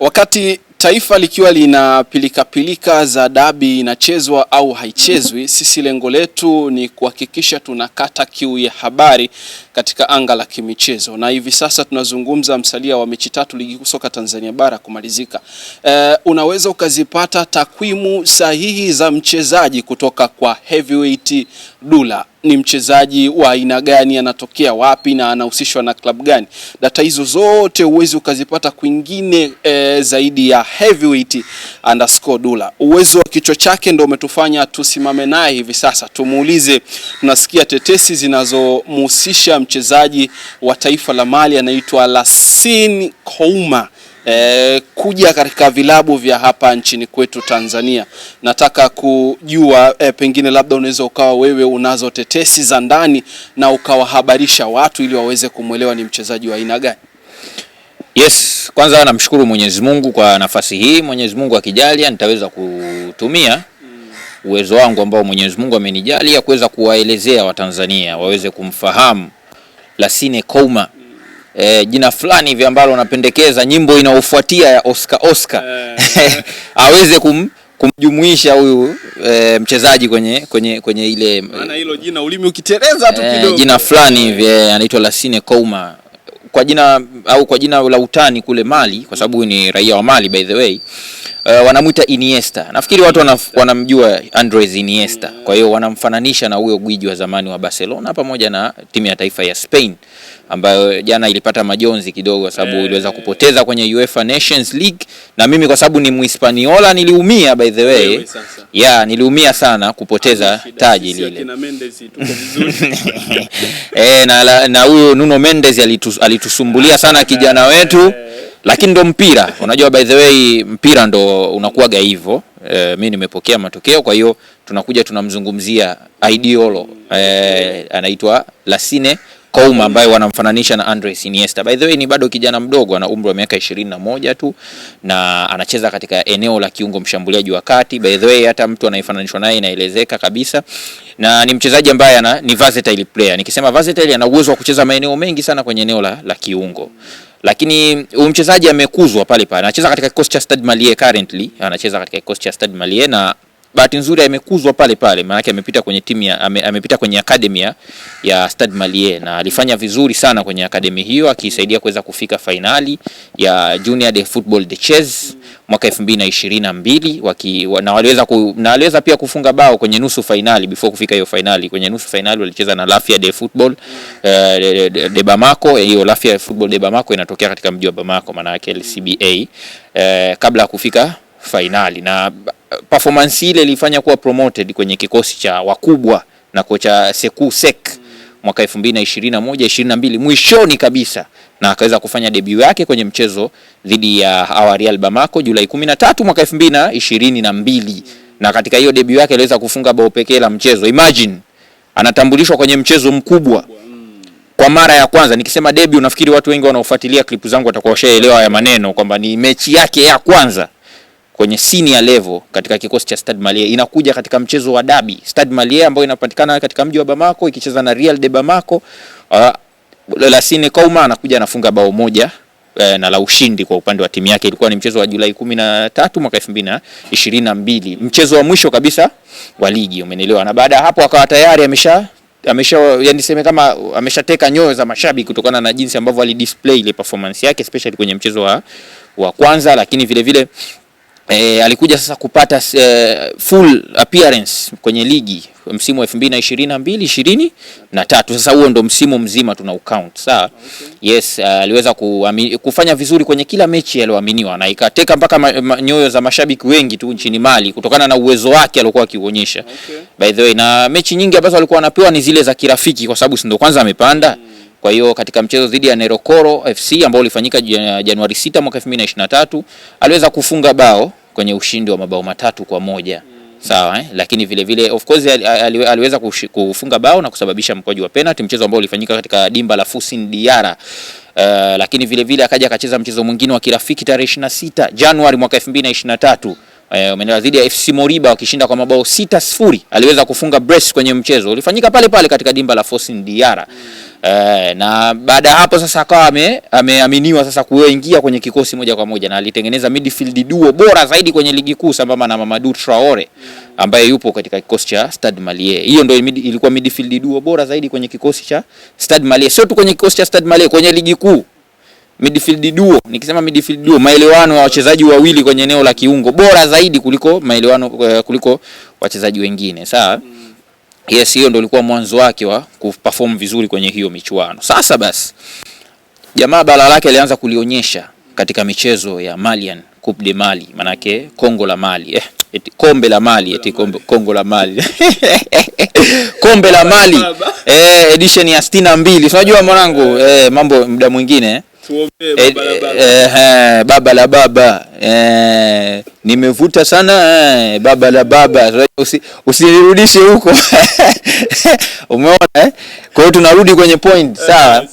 Wakati taifa likiwa lina pilikapilika za dabi inachezwa au haichezwi, sisi lengo letu ni kuhakikisha tunakata kiu ya habari katika anga la kimichezo, na hivi sasa tunazungumza msalia wa mechi tatu ligi kuu soka Tanzania bara kumalizika. E, unaweza ukazipata takwimu sahihi za mchezaji kutoka kwa Heavyweight Dulla ni mchezaji wa aina gani, anatokea wapi na anahusishwa na klabu gani. Data hizo zote huwezi ukazipata kwingine e, zaidi ya Heavyweight underscore Dulla. Uwezo wa kichwa chake ndio umetufanya tusimame naye hivi sasa, tumuulize. Tunasikia tetesi zinazomhusisha mchezaji wa taifa la Mali anaitwa Lassine Kouma eh, kuja katika vilabu vya hapa nchini kwetu Tanzania. Nataka kujua eh, pengine labda unaweza ukawa wewe unazo tetesi za ndani na ukawahabarisha watu ili waweze kumwelewa ni mchezaji wa aina gani? Yes, kwanza namshukuru Mwenyezi Mungu kwa nafasi hii. Mwenyezi Mungu akijalia nitaweza kutumia uwezo wangu ambao Mwenyezi Mungu amenijalia kuweza kuwaelezea Watanzania waweze kumfahamu Lasine Kouma E, jina fulani hivi ambalo unapendekeza nyimbo inayofuatia ya Oscar Oscar yeah. aweze kum, kumjumuisha huyu e, mchezaji kwenye kwenye kwenye ile eh, maana hilo jina ulimi ukiteleza tu kidogo e, jina fulani hivi anaitwa Lassine Kouma kwa jina au kwa jina la utani kule Mali, kwa sababu ni raia wa Mali by the way. Uh, wanamuita Iniesta. Nafikiri watu wanaf, wanamjua Andres Iniesta, kwa hiyo wanamfananisha na huyo gwiji wa zamani wa Barcelona pamoja na timu ya taifa ya Spain ambayo jana ilipata majonzi kidogo kwa sababu eh. iliweza kupoteza kwenye UEFA Nations League, na mimi kwa sababu ni Mhispaniola niliumia by the way yeah, niliumia sana kupoteza taji lile Eh, na huyo Nuno Mendes alitus, alitusumbulia ah, sana kijana eh. wetu Lakini ndo mpira unajua, by the way mpira ndo unakuwaga hivyo. E, mi nimepokea matokeo, kwa hiyo tunakuja tunamzungumzia Idiolo. e, anaitwa Lasine Kouma ambaye wanamfananisha na Andres Iniesta. By the way, ni bado kijana mdogo, ana umri wa miaka ishirini na moja tu na anacheza katika eneo la kiungo mshambuliaji wa kati. By the way, hata mtu anayefananishwa naye inaelezeka kabisa, na ni mchezaji ambaye ana ni versatile player. Nikisema versatile, ana uwezo wa kucheza maeneo mengi sana kwenye eneo la, la kiungo lakini huyu mchezaji amekuzwa pale pale, anacheza katika kikosi cha Stade Malien currently, anacheza katika kikosi cha Stade Malien na bahati nzuri amekuzwa pale pale, maanake amepita kwenye timu ya ame, amepita kwenye akademi ya Stade Malien na alifanya vizuri sana kwenye akademi hiyo akisaidia kuweza kufika fainali ya Junior de Football de Ches mwaka 2022 waki, na waliweza ku, na waliweza pia kufunga bao kwenye nusu fainali. Before kufika hiyo fainali, kwenye nusu fainali walicheza na Lafia de Football uh, de, de, de de Bamako. Eh, hiyo Lafia de Football de Bamako inatokea katika mji wa Bamako, maana yake LCBA uh, eh, kabla ya kufika fainali, na performance ile ilifanya kuwa promoted kwenye kikosi cha wakubwa na kocha seku Sek mwaka 2021 22 mwishoni kabisa, na akaweza kufanya debut yake kwenye mchezo dhidi ya real Bamako Julai 13 mwaka 2022, na katika hiyo debut yake aliweza kufunga bao pekee la mchezo. Imagine anatambulishwa kwenye mchezo mkubwa kwa mara ya kwanza. Nikisema debut, nafikiri watu wengi wanaofuatilia klipu zangu watakuwa washaelewa haya maneno kwamba ni mechi yake ya kwanza kwenye senior level katika kikosi cha Stade Malien. Inakuja katika mchezo wa dabi Stade Malien ambayo inapatikana katika mji wa Bamako ikicheza na Real de Bamako. Uh, Lasine Kouma anakuja anafunga bao moja eh, na la ushindi kwa upande wa timu yake. Ilikuwa ni mchezo wa Julai 13 mwaka 2022, mchezo wa mwisho kabisa wa ligi, umenielewa? Na baada ya hapo akawa tayari amesha amesha yani sema kama ameshateka nyoyo za mashabiki kutokana na jinsi ambavyo alidisplay ile performance yake especially kwenye mchezo wa, wa kwanza, lakini vile vile E, alikuja sasa kupata e, full appearance kwenye ligi msimu wa 2022 tatu. Sasa huo ndo msimu mzima tuna ucount sawa, okay. Yes, eh, aliweza uh, kufanya vizuri kwenye kila mechi aliyoaminiwa na ikateka mpaka ma, ma, nyoyo za mashabiki wengi tu nchini Mali kutokana na uwezo wake aliokuwa akiuonyesha, okay. By the way, na mechi nyingi ambazo alikuwa anapewa ni zile za kirafiki kwa sababu si ndo kwanza amepanda mm. Kwa hiyo katika mchezo dhidi ya Nerokoro FC ambao ulifanyika Januari 6 mwaka 2023 aliweza kufunga bao kwenye ushindi wa mabao matatu kwa moja Sawa eh? Lakini vile vile of course aliweza kufunga bao na kusababisha mkwaju wa penalty, mchezo ambao ulifanyika katika dimba la Fountain Diara. Uh, eh, lakini vile vile akaja akacheza mchezo mwingine wa kirafiki tarehe 26 Januari mwaka 2023 eh, umeendelea dhidi ya FC Moriba wakishinda kwa mabao 6 sifuri. Aliweza kufunga brace kwenye mchezo ulifanyika pale pale katika dimba la Fountain Diara. Eh, na baada ya hapo sasa akawa ameaminiwa sasa kuingia kwenye kikosi moja kwa moja na alitengeneza midfield duo bora zaidi kwenye ligi kuu sambamba na Mamadou Traore ambaye yupo katika kikosi cha Stade Malien. Hiyo ndio ilikuwa midfield duo bora zaidi kwenye kikosi cha Stade Malien. Sio tu kwenye kikosi cha Stade Malien, kwenye ligi kuu. Midfield duo, nikisema midfield duo, maelewano ya wachezaji wawili kwenye eneo la kiungo bora zaidi kuliko maelewano eh, kuliko wachezaji wengine. Sawa? Yes, hiyo ndio ilikuwa mwanzo wake wa kuperform vizuri kwenye hiyo michuano. Sasa basi, jamaa bala lake alianza kulionyesha katika michezo ya Malian Coupe de Mali, manake Kongo la Mali eh, eti kombe la Mali, eti kombe, Kongo la Mali kombe la Mali eh, edition ya 62 Unajua mwanangu eh, mambo muda mwingine eh tuombe eh, baba la baba, nimevuta eh, sana eh, baba la baba usinirudishe huko umeona eh? Kwa hiyo tunarudi kwenye point sawa.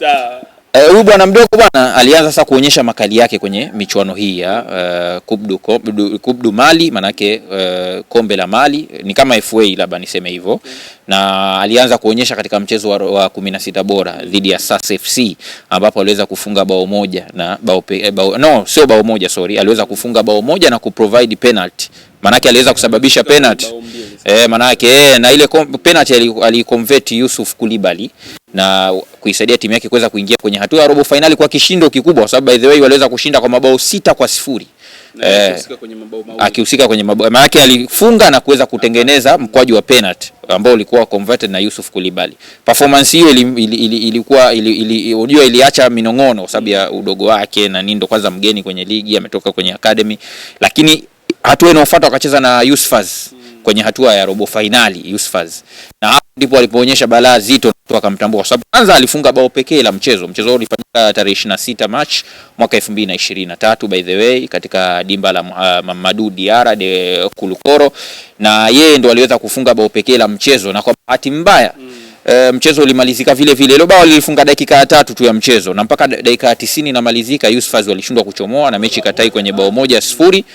Eh, huyu bwana mdogo bwana alianza sasa kuonyesha makali yake kwenye michuano hii ya uh, kubdu, kubdu, kubdu mali manake uh, kombe la mali ni kama FA labda niseme hivyo mm. Na alianza kuonyesha katika mchezo wa, wa kumi na sita bora dhidi ya SAS FC ambapo aliweza kufunga bao moja na bao, eh, bao no sio bao moja sorry, aliweza kufunga bao moja na kuprovide penalty manake aliweza kusababisha penalty eh, manake e, na ile penalty aliconvert Yusuf Kulibali na kuisaidia timu yake kuweza kuingia kwenye hatua ya robo finali kwa kishindo kikubwa, kwa sababu by the way waliweza kushinda kwa mabao sita kwa sifuri eh, akihusika kwenye mabao manake alifunga na kuweza kutengeneza mkwaju wa penalty ambao ulikuwa converted na Yusuf Kulibali. Performance hiyo ilikuwa ili, ili, ilikuwa ili, ili, unajua iliacha minong'ono kwa sababu ya udogo wake na nindo, kwanza mgeni kwenye ligi, ametoka kwenye academy, lakini hatua inayofuata wakacheza na Yusufaz mm kwenye hatua ya robo fainali Yusufaz, na hapo ndipo alipoonyesha balaa zito na akamtambua, kwa sababu kwanza alifunga bao pekee la mchezo. Mchezo huo ulifanyika tarehe 26 March mwaka 2023 by the way, katika dimba la uh, Mamadou Diara de Kulukoro, na yeye ndo aliweza kufunga bao pekee la mchezo, na kwa bahati mbaya mm. E, mchezo ulimalizika vile vile. Ile bao lilifunga dakika ya tatu tu ya mchezo na mpaka dakika ya 90 inamalizika, Yusufaz walishindwa kuchomoa na mechi katai kwenye bao moja sifuri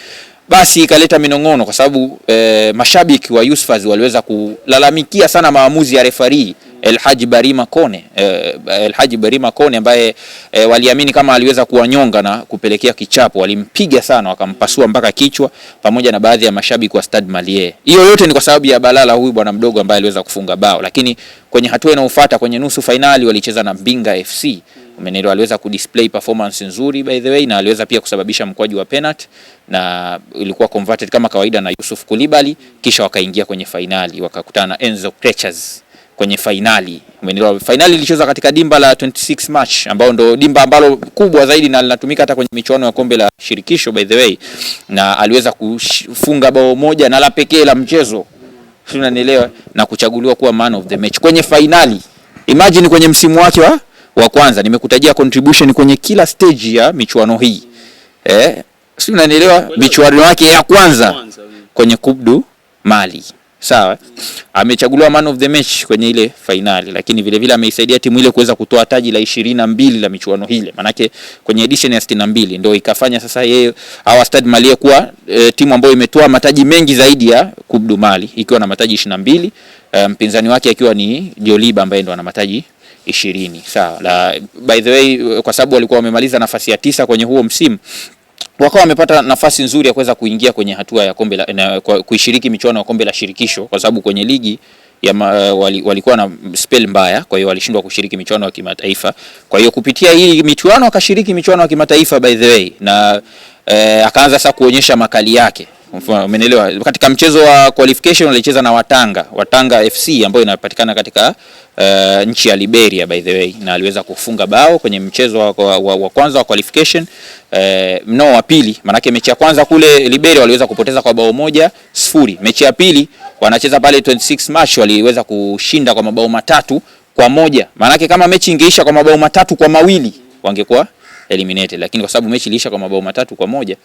basi ikaleta minong'ono kwa sababu e, mashabiki wa Yusufaz waliweza kulalamikia sana maamuzi ya refari El Haji Barima Kone, eh, El Haji Barima Kone ambaye e, waliamini kama aliweza kuwanyonga na kupelekea kichapo. Walimpiga sana wakampasua mpaka kichwa, pamoja na baadhi ya mashabiki wa Stade Malie. Hiyo yote ni kwa sababu ya balala huyu bwana mdogo ambaye aliweza kufunga bao, lakini kwenye hatua inayofuata kwenye nusu fainali walicheza na Mbinga FC. Menero aliweza kudisplay performance nzuri by the way, na aliweza pia kusababisha mkwaju wa penalty na ilikuwa converted kama kawaida na Yusuf Kulibali, kisha wakaingia kwenye fainali wakakutana na Enzo Crechas kwenye fainali. Menero fainali ilichezwa katika dimba la 26 March, ambao ndo dimba ambalo kubwa zaidi na linatumika hata kwenye michuano ya kombe la shirikisho by the way, na aliweza kufunga bao moja na la pekee la mchezo, tunanielewa, na kuchaguliwa kuwa man of the match kwenye fainali. Imagine kwenye msimu wake wa wa kwanza nimekutajia contribution kwenye kila stage ya michuano hii eh, si unanielewa? Michuano yake ya kwanza mm. kwenye kubdu Mali, sawa. Amechaguliwa man of the match kwenye ile finali, lakini vile vile ameisaidia timu ile kuweza kutoa taji la 22 la michuano hile, manake kwenye edition ya 62 ndio ikafanya sasa yeye au Stade Malien kuwa e, timu ambayo imetoa mataji mengi zaidi ya kubdu Mali ikiwa na mataji 22 eh, mpinzani um, wake akiwa ni Joliba ambaye ndo ana mataji ishirini. Sawa. La, by the way, kwa sababu walikuwa wamemaliza nafasi ya tisa kwenye huo msimu wakawa wamepata nafasi nzuri ya kuweza kuingia kwenye hatua ya kombe la kuishiriki michuano ya kombe la shirikisho, kwa sababu kwenye ligi ya ma, wali, walikuwa na spell mbaya, kwa hiyo walishindwa kushiriki michuano ya kimataifa. Kwa hiyo kupitia hii michuano akashiriki michuano ya kimataifa by the way, na e, akaanza sasa kuonyesha makali yake. Mfano, umeelewa? Katika mchezo wa qualification walicheza na Watanga, Watanga FC ambayo inapatikana katika uh, nchi ya Liberia by the way, na aliweza kufunga bao kwenye mchezo wa, wa, wa, wa kwanza wa qualification uh, eh, mno wa pili, manake mechi ya kwanza kule Liberia waliweza kupoteza kwa bao moja sifuri. Mechi ya pili wanacheza pale 26 March waliweza kushinda kwa mabao matatu kwa moja, manake kama mechi ingeisha kwa mabao matatu kwa mawili wangekuwa eliminated, lakini kwa sababu mechi iliisha kwa mabao matatu kwa moja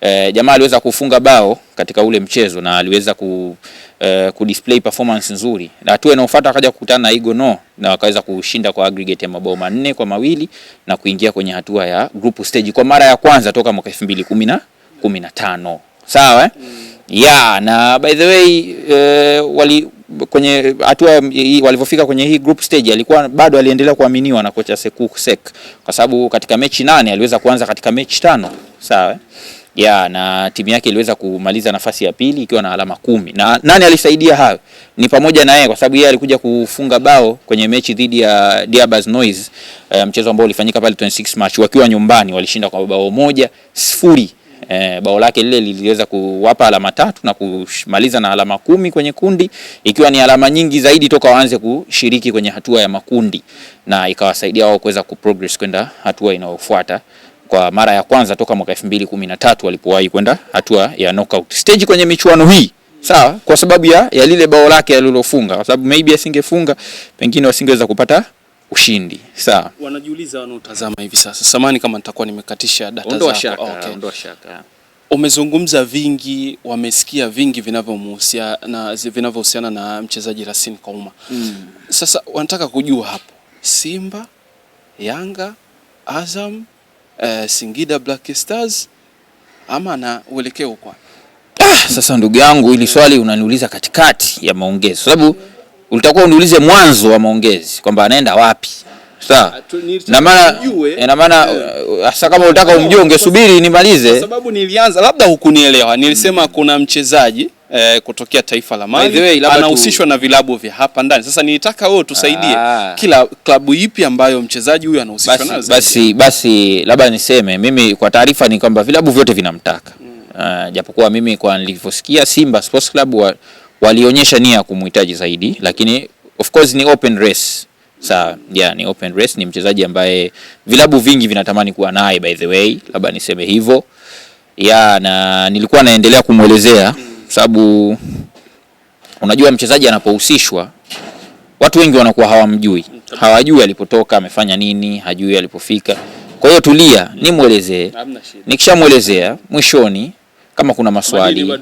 e, jamaa aliweza kufunga bao katika ule mchezo na aliweza ku, e, ku display performance nzuri, na hatua inayofuata akaja kukutana na No na wakaweza kushinda kwa aggregate ya mabao manne kwa mawili na kuingia kwenye hatua ya group stage kwa mara ya kwanza toka mwaka 2015 sawa eh? mm. Yeah, na by the way e, wali kwenye hatua walivyofika kwenye hii group stage alikuwa bado aliendelea kuaminiwa na kocha Sekou Sek, kwa sababu katika mechi nane aliweza kuanza katika mechi tano sawa ya na timu yake iliweza kumaliza nafasi ya pili ikiwa na alama kumi. Na nani alisaidia hayo? Ni pamoja na yeye, kwa sababu yeye alikuja kufunga bao kwenye mechi dhidi ya Diabas Noise, eh, mchezo ambao ulifanyika pale 26 March wakiwa nyumbani, walishinda kwa bao moja sifuri. E, bao lake lile liliweza kuwapa alama tatu na kumaliza na alama kumi kwenye kundi, ikiwa ni alama nyingi zaidi toka waanze kushiriki kwenye hatua ya makundi, na ikawasaidia wao kuweza kuprogress kwenda hatua inayofuata kwa mara ya kwanza toka mwaka 2013 walipowahi kwenda hatua ya knockout stage kwenye michuano hii. Sawa, kwa sababu ya, ya lile bao lake alilofunga, kwa sababu maybe asingefunga pengine wasingeweza kupata ushindi. Sawa, wanajiuliza wanaotazama hivi sasa, samani kama nitakuwa nimekatisha data zako. Shaka, okay. Shaka. Umezungumza vingi, wamesikia vingi vinavyohusiana vinavyohusiana na mchezaji Rasin Kouma mm. Sasa wanataka kujua hapo Simba, Yanga, Azam, uh, Singida Black Stars ama na uelekeo kwa ah, sasa ndugu yangu, hili swali unaniuliza katikati ya maongezo sababu Unatakuwa uniulize mwanzo wa maongezi kwamba anaenda wapi. Sawa. Ah, na maana eh, na maana eh. uh, hasa kama unataka umjue ungesubiri nimalize. Kwa sababu nilianza labda hukunielewa. Nilisema hmm, kuna mchezaji eh, kutokea taifa la Mali anahusishwa tu... na vilabu vya hapa ndani. Sasa nilitaka wewe tusaidie ah, kila klabu ipi ambayo mchezaji huyu anahusishwa nayo. Basi, basi, basi labda niseme mimi kwa taarifa ni kwamba vilabu vyote vinamtaka. mm. Uh, japokuwa mimi kwa nilivyosikia Simba Sports Club wa walionyesha nia ya kumhitaji zaidi, lakini of course ni open race. Sawa, yeah, ni open race, ni mchezaji ambaye vilabu vingi vinatamani kuwa naye, by the way, labda niseme hivyo ya na nilikuwa naendelea kumwelezea sababu unajua mchezaji anapohusishwa watu wengi wanakuwa hawamjui, hawajui alipotoka, amefanya nini, hajui alipofika. Kwa hiyo tulia, nimwelezee, nikishamwelezea mwishoni kama kuna maswali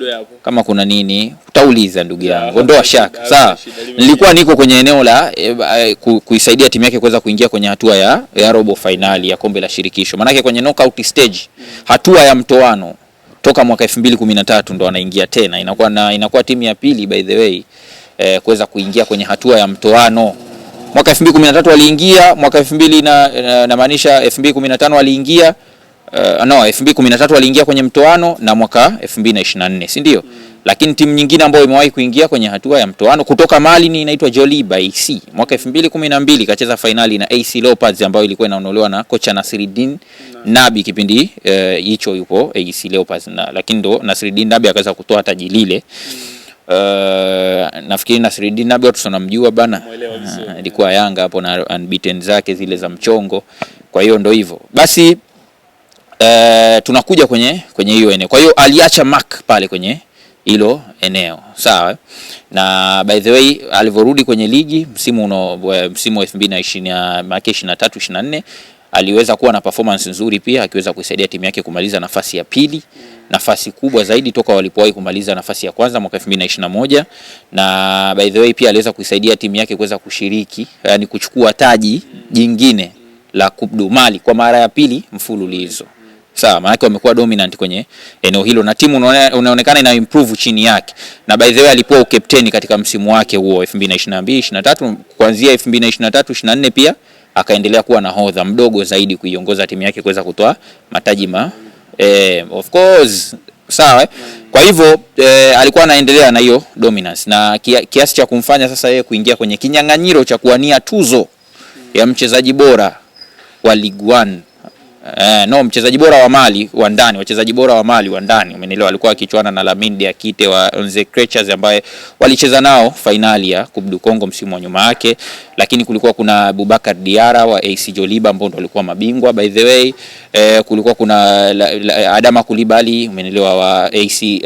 kama kuna nini utauliza, ndugu yangu, ondoa shaka. Sawa, nilikuwa niko kwenye eneo la e, ku, kuisaidia timu yake kuweza kuingia kwenye hatua ya, ya robo fainali ya kombe la shirikisho, maanake kwenye knockout stage mm. hatua ya mtoano toka mwaka 2013 ndo anaingia tena, inakuwa na, inakuwa timu ya pili by the way e, kuweza kuingia kwenye hatua ya mtoano. Mwaka 2013 aliingia, mwaka 2000 na, na, na maanisha 2015 aliingia uh, no 2013 waliingia kwenye mtoano na mwaka 2024 si ndio? Mm. Lakini timu nyingine ambayo imewahi kuingia kwenye hatua ya mtoano kutoka Mali ni inaitwa Joliba AC. Mwaka 2012 kacheza fainali na AC Leopards ambayo ilikuwa inaonolewa na kocha Nasiruddin Nasriddine Nabi kipindi uh, hicho uh, yupo AC Leopards na, lakini ndo Nasiruddin Nabi akaweza kutoa taji lile. Mm. Uh, nafikiri na Nasreddin Nabi watu tunamjua bana, uh, ilikuwa Yanga hapo na unbeaten zake zile za mchongo. Kwa hiyo ndo hivyo basi e, tunakuja kwenye kwenye hiyo eneo. Kwa hiyo aliacha mark pale kwenye hilo eneo sawa. Eh? Na by the way alivyorudi kwenye ligi msimu uno eh, msimu wa 2020 na 23 24 aliweza kuwa na performance nzuri pia, akiweza kuisaidia timu yake kumaliza nafasi ya pili, nafasi kubwa zaidi toka walipowahi kumaliza nafasi ya kwanza mwaka 2021. Na by the way pia aliweza kuisaidia timu yake kuweza kushiriki, yani kuchukua taji jingine la Coupe Mali kwa mara ya pili mfululizo. Sawa, maanake wamekuwa dominant kwenye eneo hilo na timu unaonekana ina improve chini yake. Na by the way alikuwa ukapteni katika msimu wake huo 2022 23, kuanzia 2023 24 pia akaendelea kuwa nahodha mdogo zaidi kuiongoza timu yake kuweza kutoa mataji ma eh, of course sawa. eh? Kwa hivyo eh, alikuwa anaendelea na hiyo dominance na kiasi cha kumfanya sasa yeye kuingia kwenye kinyang'anyiro cha kuwania tuzo ya mchezaji bora wa Ligue 1 Eh, no mchezaji bora wa Mali wa ndani, wachezaji bora wa Mali wa ndani, umeelewa, alikuwa akichuana na Lamine Diakite wa Onze Creatures ambaye walicheza nao fainali ya Coupe du Congo msimu wa nyuma yake, lakini kulikuwa kuna bubakar Diara wa AC Joliba ambao ndo walikuwa mabingwa by the way. Eh, kulikuwa kuna la, la, Adama Kulibali umeelewa wa AC eh,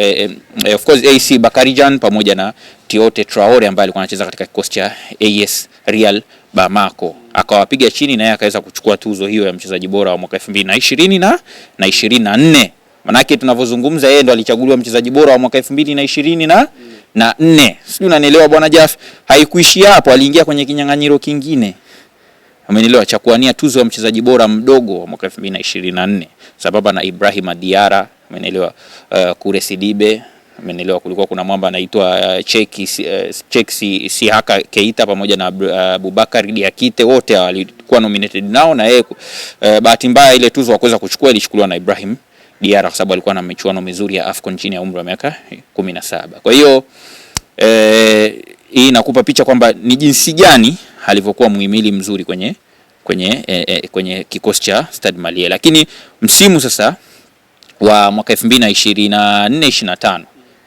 eh, of course AC Bakarijan pamoja na Tiote Traore ambaye alikuwa anacheza katika kikosi cha AS Real Bamako akawapiga chini, na yeye akaweza kuchukua tuzo hiyo ya mchezaji bora wa mwaka 2020 na na 24. Manake tunavyozungumza yeye ndo alichaguliwa mchezaji bora wa mwaka 2020 na na 4. Sijui unanielewa bwana Jaf. Haikuishia hapo, aliingia kwenye kinyang'anyiro kingine. Amenielewa cha kuania tuzo ya mchezaji bora mdogo wa mwaka 2024 Sababu na Ibrahima Diara, amenielewa uh, Kure Sidibe amenielewa. Kulikuwa kuna mwamba anaitwa eh, Cheki eh, Cheki Sihaka Keita pamoja na eh, Abubakar Diakite, wote walikuwa nominated nao na yeye. Bahati mbaya ile tuzo hakuweza kuchukua, ilichukuliwa na Ibrahim Diara kwa sababu alikuwa na michuano mizuri ya Afcon chini ya umri wa miaka 17. Kwa hiyo eh, hii inakupa picha kwamba ni jinsi gani alivyokuwa muhimili mzuri kwenye kwenye eh, eh, kwenye kikosi cha Stade Malien, lakini msimu sasa wa mwaka 2024 25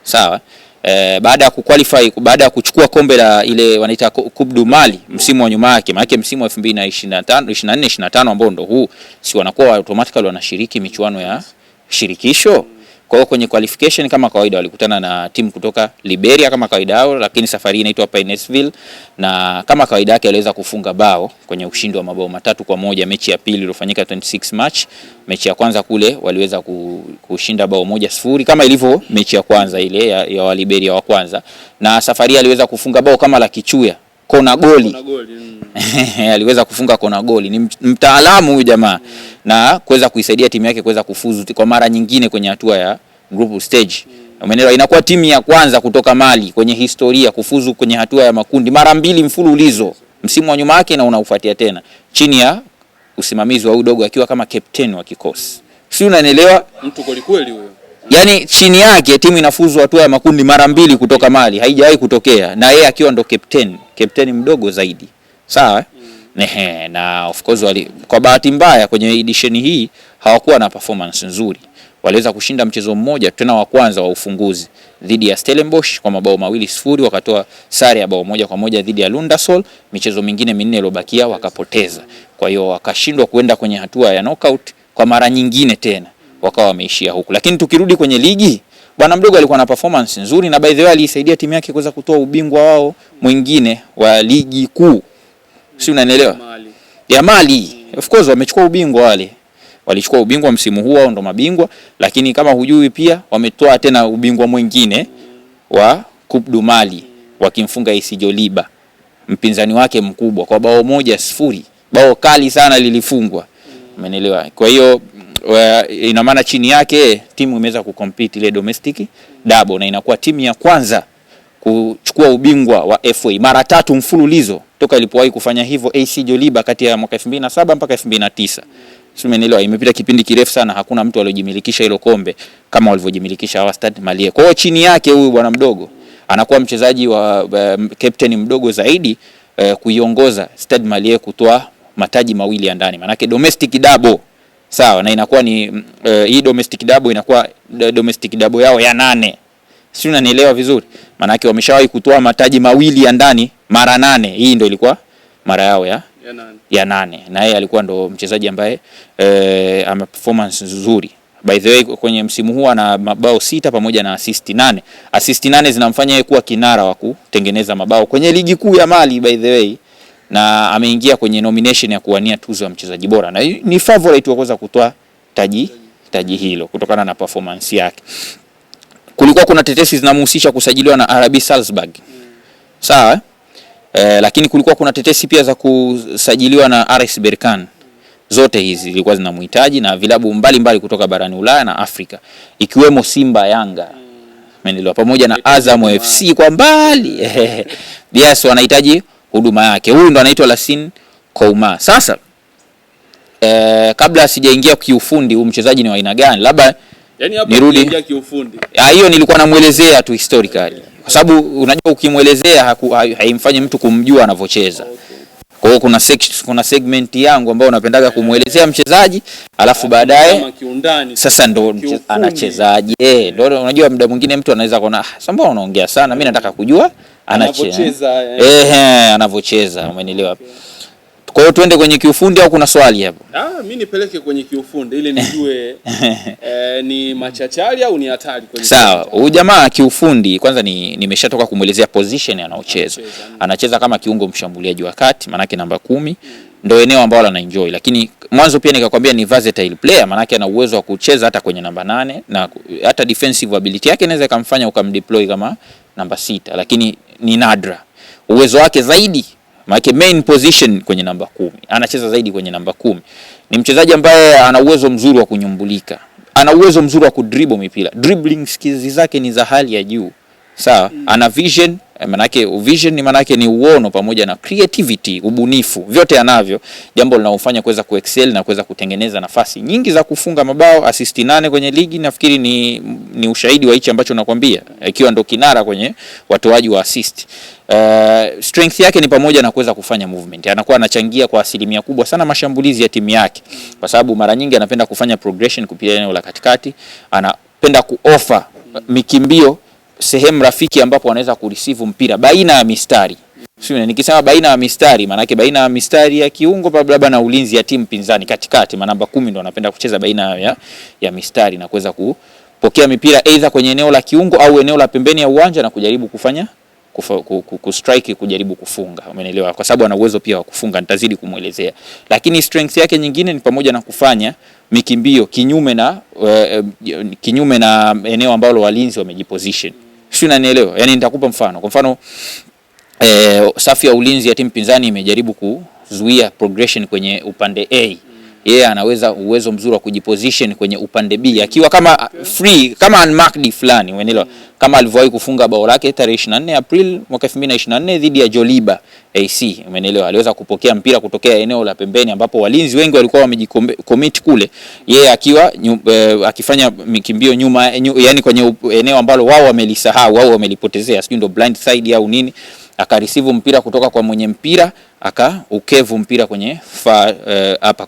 sawa e, baada ya kuqualify baada ya kuchukua kombe la ile wanaita Coupe du Mali msimu wa nyuma yake, maana msimu wa 2025 24 25 ambao ndo huu, si wanakuwa automatically wanashiriki michuano ya shirikisho kwa hiyo kwenye qualification kama kawaida walikutana na timu kutoka Liberia kama kawaida yao, lakini safari hii inaitwa Pinesville na kama kawaida yake aliweza kufunga bao kwenye ushindi wa mabao matatu kwa moja mechi ya pili iliyofanyika 26 March. Mechi ya kwanza kule waliweza kushinda bao moja sifuri kama ilivyo mechi ya kwanza ile ya, ya wa Liberia wa kwanza, na safari aliweza kufunga bao kama la kichuya kona goli, kona goli. Mm. aliweza kufunga kona goli, ni mtaalamu huyu jamaa na kuweza kuisaidia timu yake kuweza kufuzu kwa mara nyingine kwenye hatua ya group stage. Umeelewa? Inakuwa timu ya kwanza kutoka Mali kwenye historia kufuzu kwenye hatua ya makundi mara mbili mfululizo, msimu wa nyuma yake na unaofuatia tena, chini ya usimamizi wa Udogo akiwa kama captain wa kikosi, si unanielewa? Mtu kweli kweli huyo Yaani chini yake timu inafuzu hatua ya makundi mara mbili kutoka Mali, haijawahi kutokea, na yeye akiwa ndo captain, captain mdogo zaidi sawa eh? mm. Ehe, na of course wali, kwa bahati mbaya kwenye edition hii hawakuwa na performance nzuri, waliweza kushinda mchezo mmoja tena wa kwanza wa ufunguzi dhidi ya Stellenbosch kwa mabao mawili sifuri, wakatoa sare ya bao moja kwa moja dhidi ya Lundasol. Michezo mingine minne iliyobakia wakapoteza, kwa hiyo wakashindwa kuenda kwenye hatua ya knockout kwa mara nyingine tena wakawa wameishia huku. Lakini tukirudi kwenye ligi, bwana mdogo alikuwa na performance nzuri, na by the way alisaidia timu yake kuweza kutoa ubingwa wao mwingine wa ligi kuu si unanielewa, ya mali of course wamechukua ubingwa wale walichukua ubingwa msimu huu, au ndo mabingwa. Lakini kama hujui pia, wametoa tena ubingwa mwingine wa Coupe Mali wakimfunga AC Joliba, mpinzani wake mkubwa, kwa bao moja sifuri. Bao kali sana lilifungwa, umeelewa? Kwa hiyo eh, ina maana chini yake eh, timu imeweza kucompete ile domestic double, na inakuwa timu ya kwanza kuchukua ubingwa wa FA mara tatu mfululizo toka ilipowahi kufanya hivyo AC Joliba kati ya mwaka 2007 mpaka 2009. Simenelewa, imepita kipindi kirefu sana, hakuna mtu aliyojimilikisha hilo kombe kama walivyojimilikisha hawa Stade Malie. Kwa hiyo chini yake huyu bwana mdogo anakuwa mchezaji wa um, captain mdogo zaidi uh, kuiongoza Stade Malie kutoa mataji mawili ya ndani, maanake domestic double sawa, na inakuwa ni uh, hii domestic double inakuwa domestic double yao ya nane, si unanielewa vizuri? Maanake wameshawahi kutoa mataji mawili ya ndani mara nane. Hii ndio ilikuwa mara yao ya ya nane, Na yeye alikuwa ndo mchezaji ambaye e, eh, ama performance nzuri by the way kwenye msimu huu ana mabao sita pamoja na assist nane. Assist nane zinamfanya yeye kuwa kinara wa kutengeneza mabao kwenye ligi kuu ya Mali by the way, na ameingia kwenye nomination ya kuwania tuzo ya mchezaji bora na ni favorite wa kuweza kutoa taji taji hilo kutokana na performance yake. Kulikuwa kuna tetesi zinamhusisha kusajiliwa na RB Salzburg, mm. sawa e, lakini kulikuwa kuna tetesi pia za kusajiliwa na RS Berkane. Zote hizi zilikuwa zinamhitaji na vilabu mbalimbali kutoka barani Ulaya na Afrika ikiwemo Simba, Yanga menelewa pamoja na Azam FC kwa mbali yes, wanahitaji huduma yake. Huyu ndo anaitwa Lassine Kouma. Sasa eh, kabla sijaingia kiufundi huyu mchezaji ni wa aina gani, labda yani nirudi ah, hiyo nilikuwa namuelezea tu historically kwa sababu unajua ukimwelezea haimfanyi mtu kumjua anavyocheza. Kwa hiyo kuna, kuna segment yangu ambayo unapendaga kumwelezea mchezaji alafu baadaye sasa ndo anachezaje, ndo unajua, muda mwingine mtu anaweza kuona ah, sambao, unaongea sana, mimi nataka kujua anacheza, eh. ehe, anavyocheza, umenielewa? Kwa hiyo tuende kwenye kiufundi au kuna swali hapo? Ah, mimi nipeleke kwenye kiufundi ili nijue e, ni machachari au ni hatari kwenye. Sawa, huyu jamaa kiufundi kwanza ni nimeshatoka kumuelezea position anaocheza. Mm. Anacheza kama kiungo mshambuliaji wa kati, maanake namba kumi hmm. Ndio eneo ambalo ana enjoy, lakini mwanzo pia nikakwambia ni versatile player, maanake ana uwezo wa kucheza hata kwenye namba nane na hata defensive ability yake inaweza ikamfanya ukamdeploy kama namba sita, lakini ni nadra uwezo wake zaidi maana main position kwenye namba kumi, anacheza zaidi kwenye namba kumi. Ni mchezaji ambaye ana uwezo mzuri wa kunyumbulika, ana uwezo mzuri wa kudribble mipira, dribbling skills zake ni za hali ya juu, sawa. Ana vision Eh, manake vision manake ni uono pamoja na creativity, ubunifu, vyote anavyo, jambo linalofanya kuweza kuexcel na kuweza kutengeneza nafasi nyingi za kufunga mabao, asisti nane kwenye ligi. Nafikiri ni, ni ushahidi wa hichi ambacho nakwambia, ikiwa ndo kinara kwenye watoaji wa assist. Uh, strength yake ni pamoja na kuweza kufanya movement. Anakuwa anachangia kwa asilimia kubwa sana mashambulizi ya timu yake, kwa sababu mara nyingi anapenda kufanya progression kupitia eneo la katikati, anapenda kuofa mikimbio sehemu rafiki ambapo wanaweza kureceive mpira baina ya mistari. Sio, nikisema baina ya mistari maana baina ya mistari ya kiungo labda na ulinzi ya timu pinzani katikati, maana namba ndo wanapenda kucheza baina ya, ya mistari na kuweza kupokea mipira aidha kwenye eneo la kiungo au eneo la pembeni ya uwanja na kujaribu kufanya kustrike kujaribu kufunga, umeelewa? Kwa sababu ana uwezo pia wa kufunga, nitazidi kumwelezea. Lakini strength yake nyingine ni pamoja na kufanya mikimbio kinyume na, uh, kinyume na eneo ambalo walinzi wamejiposition sio, unanielewa? Yani nitakupa mfano. Kwa mfano eh, safu ya ulinzi ya timu pinzani imejaribu kuzuia progression kwenye upande A yeye yeah, anaweza uwezo mzuri wa kujiposition kwenye upande B akiwa kama uh, free kama unmarked fulani, umeelewa? Kama alivyowahi kufunga bao lake tarehe 24 April mwaka 2024 dhidi ya Joliba AC, umeelewa? Aliweza kupokea mpira kutokea eneo la pembeni ambapo walinzi wengi walikuwa wamejicommit kule, yeye yeah, akiwa nyu, eh, akifanya mikimbio nyuma nyu, yani kwenye eneo ambalo wao wamelisahau au wamelipotezea, sijui ndio blind side au nini akarisivu mpira kutoka kwa mwenye mpira akaukevu mpira kwenye far, uh, upper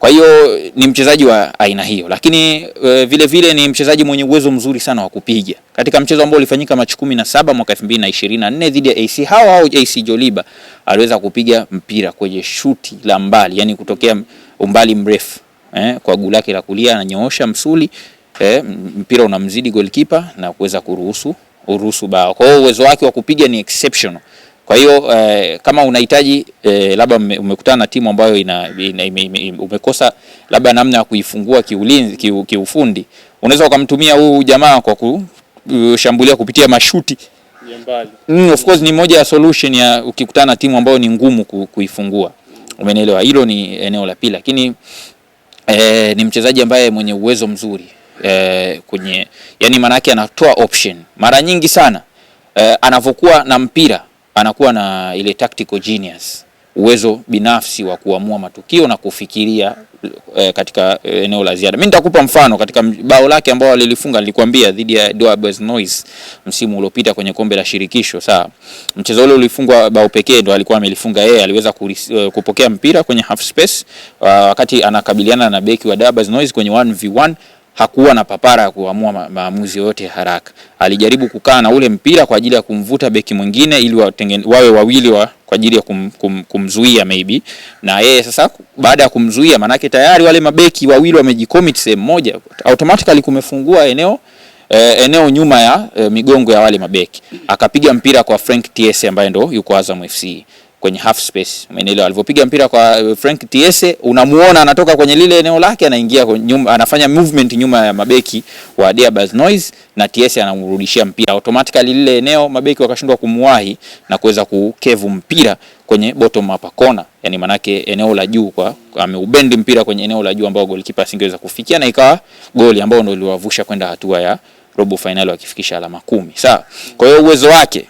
kwa hiyo ni mchezaji wa aina hiyo, lakini e, vile vile ni mchezaji mwenye uwezo mzuri sana wa kupiga. Katika mchezo ambao ulifanyika Machi kumi na saba mwaka 2024 dhidi ya AC hao hao AC Joliba aliweza kupiga mpira kwenye shuti la mbali, yani kutokea umbali mrefu eh, kwa guu lake la kulia ananyoosha msuli eh, mpira unamzidi goalkeeper na kuweza kuruhusu uruhusu bao. Kwa hiyo uwezo wake wa kupiga ni exceptional. Kwa hiyo eh, kama unahitaji eh, labda umekutana na timu ambayo ina, ina, ina, ina, umekosa labda namna ya kuifungua kiulinzi ki, kiufundi, unaweza ukamtumia huu jamaa kwa kushambulia kupitia mashuti ya mbali. Mm, of course ni moja ya solution ya ukikutana na timu ambayo ni ngumu ku, kuifungua. Umenielewa? Hilo ni eneo la pili, lakini eh, ni mchezaji ambaye mwenye uwezo mzuri eh, kwenye yani maana yake anatoa option mara nyingi sana eh, anavokuwa na mpira anakuwa na ile tactical genius, uwezo binafsi wa kuamua matukio na kufikiria e, katika eh, eneo la ziada. Mimi nitakupa mfano katika bao lake ambao alilifunga nilikwambia, dhidi ya Doubs Noise msimu uliopita kwenye kombe la shirikisho. Sawa, mchezo ule ulifungwa bao pekee ndo alikuwa amelifunga yeye, aliweza eh, kupokea mpira kwenye half space, ah, wakati anakabiliana na beki wa Doubs Noise kwenye 1v1 hakuwa na papara ya kuamua ma maamuzi yote haraka. Alijaribu kukaa na ule mpira kwa ajili ya kumvuta beki mwingine ili wawe wawili wa, kwa ajili ya kum, kum, kumzuia maybe. Na yeye sasa baada ya kumzuia, manake tayari wale mabeki wawili wamejicommit sehemu moja, automatically kumefungua eneo eh, eneo nyuma ya eh, migongo ya wale mabeki. Akapiga mpira kwa Frank TS ambaye ndo yuko Azam FC kwenye half space, umeelewa? Alipopiga mpira kwa uh, Frank Tiese, unamuona anatoka kwenye lile eneo lake, anaingia nyuma, anafanya movement nyuma ya mabeki wa Diabas Noise, na Tiese anamrudishia mpira automatically, lile eneo mabeki wakashindwa kumwahi na kuweza kukevu mpira kwenye bottom up corner, yani manake eneo la juu, kwa ameubendi mpira kwenye eneo la juu ambao goalkeeper asingeweza kufikia, na ikawa goli ambao ndio iliwavusha kwenda hatua ya robo finali, wakifikisha alama kumi. Sawa, kwa hiyo uwezo wake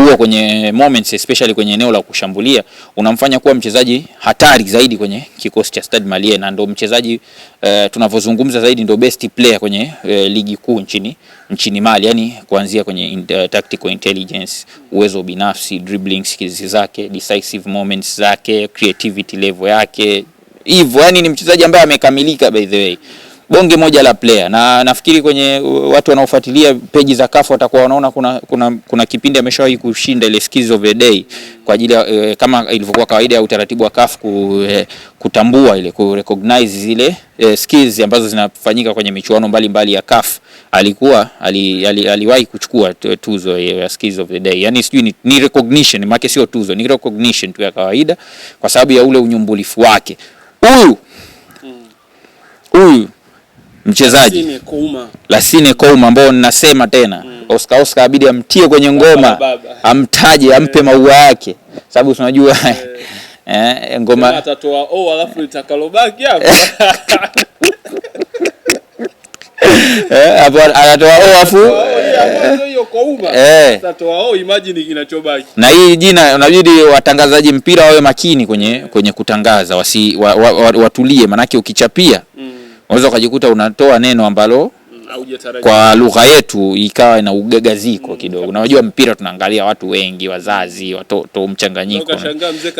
huwa kwenye moments especially kwenye eneo la kushambulia unamfanya kuwa mchezaji hatari zaidi kwenye kikosi cha Stade Malien, na ndo mchezaji uh, tunavyozungumza zaidi ndo best player kwenye uh, ligi kuu nchini, nchini Mali, yani kuanzia kwenye uh, tactical intelligence, uwezo binafsi, dribbling skills zake, decisive moments zake, creativity level yake hivyo, yani ni mchezaji ambaye amekamilika by the way bonge moja la player, na nafikiri kwenye uh, watu wanaofuatilia peji za CAF watakuwa wanaona kuna, kuna, kuna kipindi ameshawahi kushinda ile skills of the day kwa ajili eh, kama ilivyokuwa kawaida ya utaratibu wa CAF ku, eh, kutambua ile ku recognize zile eh, skills ambazo zinafanyika kwenye michuano mbalimbali ya CAF. Alikuwa ali, ali, aliwahi kuchukua tuzo ya skills of the day, yani sijui ni, ni recognition make sio tuzo, ni recognition tu ya kawaida kwa sababu ya ule unyumbulifu wake huyu hmm. huyu mchezaji Lasine Kouma ambao ninasema tena mm. Oscar Oscar abidi amtie kwenye ngoma baba, baba. Amtaje eh. ampe yeah. maua yake sababu tunajua yeah. Eh, ngoma atatoa oh, alafu litakalobaki hapo eh, hapo atatoa o afu na hii jina, unabidi watangazaji mpira wawe makini kwenye, kwenye kutangaza wasi, wa, wa, wa, watulie, manake ukichapia mm unaweza ukajikuta unatoa neno ambalo kwa lugha yetu ikawa na ugagaziko mm, kidogo. Unajua, mpira tunaangalia watu wengi, wazazi, watoto, mchanganyiko.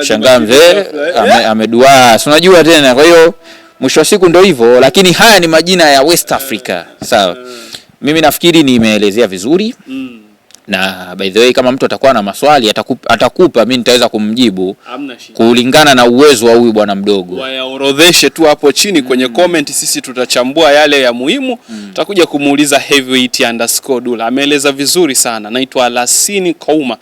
Shangaa mzee eh? ameduaa, si unajua tena. Kwa hiyo mwisho wa siku ndio hivyo, lakini haya ni majina ya West Africa, sawa. Mm. Mimi nafikiri nimeelezea vizuri. Mm na by the way, kama mtu atakuwa na maswali atakupa, atakupa mimi nitaweza kumjibu kulingana na uwezo wa huyu bwana mdogo. Wayaorodheshe tu hapo chini mm -hmm. kwenye comment, sisi tutachambua yale ya muhimu mm -hmm. takuja kumuuliza Heavyweight Ameeleza vizuri sana, naitwa lasini Kauma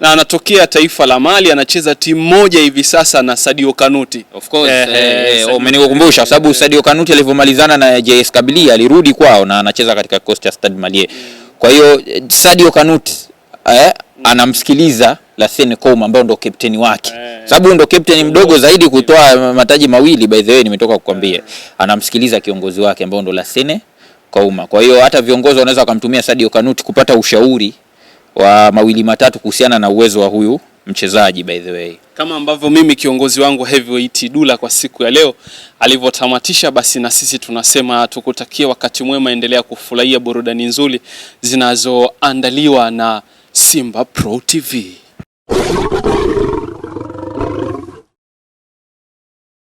na anatokea taifa la Mali, anacheza timu moja hivi sasa na Sadio Kanuti. Of course eh, eh, eh, eh oh, umenikumbusha sababu eh. Sadio Kanuti alivyomalizana na JS kabilia alirudi kwao na anacheza katika kikosi cha malie mm. Kwa hiyo Sadio kanuti eh, mm. anamsikiliza lasene Kouma ambaye ndo kapteni wake, eh. sababu ndo kapteni mdogo zaidi kutoa mataji mawili, by the way nimetoka kukwambia, eh. anamsikiliza kiongozi wake ambayo ndo lasene Kouma. Kwa hiyo hata viongozi wanaweza wakamtumia Sadio kanuti kupata ushauri wa mawili matatu kuhusiana na uwezo wa huyu mchezaji by the way kama ambavyo mimi kiongozi wangu Heavyweight Dula kwa siku ya leo alivyotamatisha, basi na sisi tunasema tukutakie wakati mwema, endelea kufurahia burudani nzuri zinazoandaliwa na Simba Pro TV.